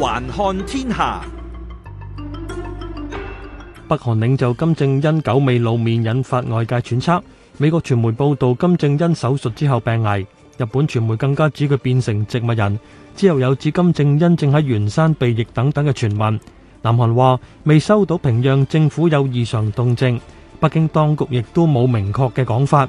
環看天下，北韓領袖金正恩久未露面，引發外界揣測。美國傳媒報道金正恩手術之後病危，日本傳媒更加指佢變成植物人。之後有指金正恩正喺元山避疫等等嘅傳聞。南韓話未收到平壤政府有異常動靜，北京當局亦都冇明確嘅講法。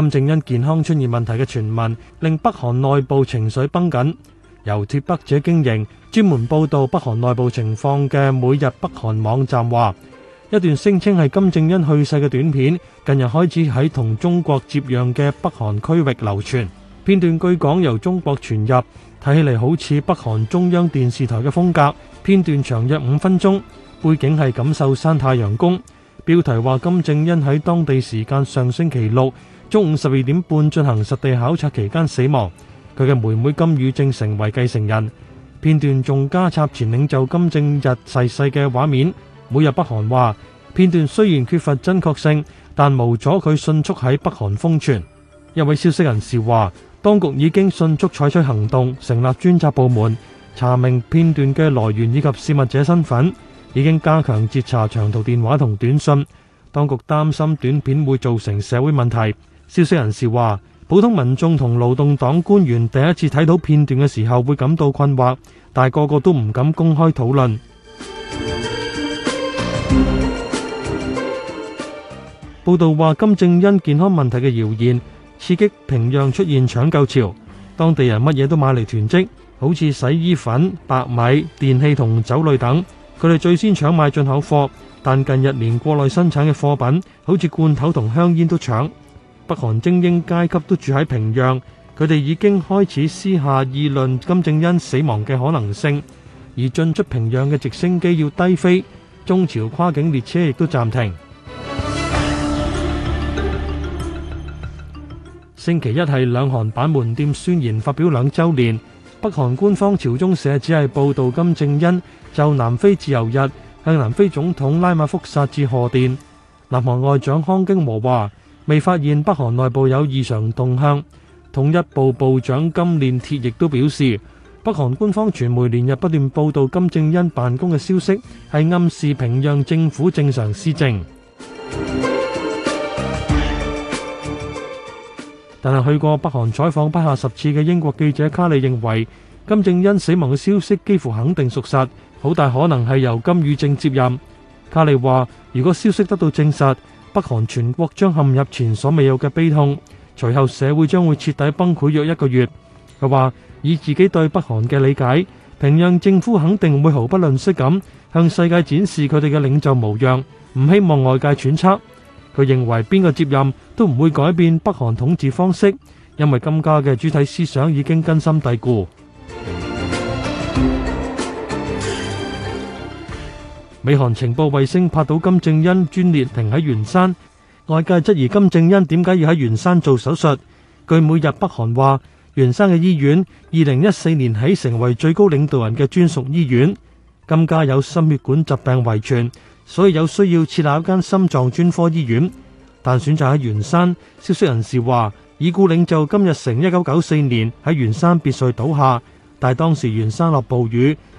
金正恩健康出現問題嘅傳聞令北韓內部情緒繃緊。由脫北者經營專門報道北韓內部情況嘅每日北韓網站話，一段聲稱係金正恩去世嘅短片，近日開始喺同中國接壤嘅北韓區域流傳。片段據講由中國傳入，睇起嚟好似北韓中央電視台嘅風格。片段長約五分鐘，背景係錦繡山太陽宮標題話，金正恩喺當地時間上星期六，中午十二點半進行實地考察期間死亡，佢嘅妹妹金宇正成為繼承人。片段仲加插前領袖金正日逝世嘅畫面。每日北韓話片段雖然缺乏真確性，但無阻佢迅速喺北韓瘋傳。一位消息人士話：當局已經迅速採取行動，成立專責部門查明片段嘅來源以及洩密者身份，已經加強截查長途電話同短信。當局擔心短片會造成社會問題。消息人士話：普通民眾同勞動黨官員第一次睇到片段嘅時候，會感到困惑，但係個個都唔敢公開討論。 報道話：金正恩健康問題嘅謠言刺激平壤出現搶購潮，當地人乜嘢都買嚟囤積，好似洗衣粉、白米、電器同酒類等。佢哋最先搶買進口貨，但近日連國內生產嘅貨品，好似罐頭同香煙都搶。北韓精英階級都住喺平壤，佢哋已經開始私下議論金正恩死亡嘅可能性，而進出平壤嘅直升機要低飛，中朝跨境列車亦都暫停。星期一係兩韓板門店宣言發表兩周年，北韓官方朝中社只係報道金正恩就南非自由日向南非總統拉馬福薩致賀電，南韓外長康京和話。未發現北韓內部有異常動向。統一部部長金鍊鐵亦都表示，北韓官方傳媒連日不斷報導金正恩辦公嘅消息，係暗示平壤政府正常施政。但係去過北韓採訪不下十次嘅英國記者卡利認為，金正恩死亡嘅消息幾乎肯定屬實，好大可能係由金與正接任。卡利話：如果消息得到證實，北韓全國將陷入前所未有嘅悲痛，隨後社會將會徹底崩潰約一個月。佢話以自己對北韓嘅理解，平壤政府肯定會毫不吝嗇咁向世界展示佢哋嘅領袖模樣，唔希望外界揣測。佢認為邊個接任都唔會改變北韓統治方式，因為金家嘅主體思想已經根深蒂固。美韓情報衛星拍到金正恩專列停喺元山，外界質疑金正恩點解要喺元山做手術。據每日北韓話，元山嘅醫院二零一四年起成為最高領導人嘅專屬醫院。金家有心血管疾病遺傳，所以有需要設立一間心臟專科醫院，但選擇喺元山。消息人士話，已故領袖金日成一九九四年喺元山別墅倒下，但當時元山落暴雨。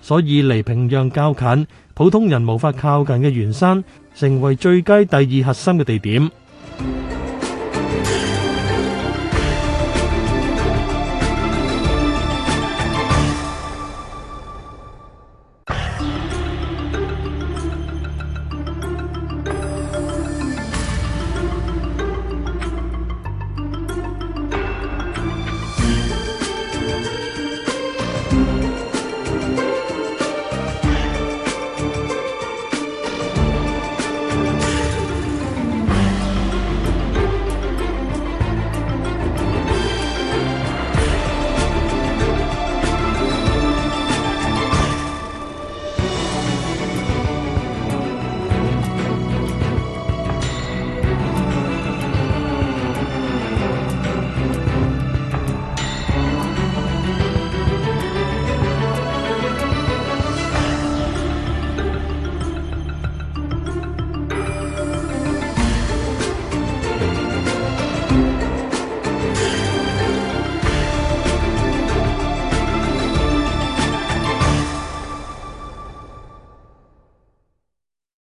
所以離平壤較近、普通人無法靠近嘅原山，成為最佳第二核心嘅地點。